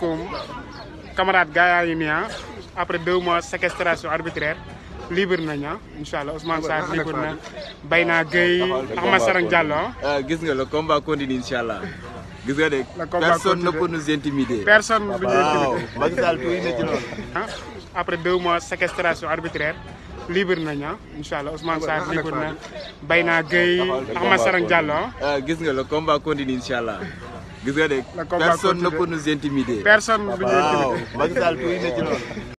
comme camarade gars yaa ngi nii ah. après deux mois séquestration arbitraire libre nañ ah incha allah Ousmane Sarr libre na Bayna Gueye Ahmad Sarang Diallo ah. ah. gis nga le combat continue incha allah. gis nga de personne ne na ci loolu. après deux mois séquestration arbitraire libre nañ ah incha allah Ousmane Sarr libre na Bayna Gueye Ahmad Sarang Diallo ah. ah. gis nga la combat continue incha allah. gis nga de personne ne peut nous personne bu ñu waaw Macky Sall tuuti na ci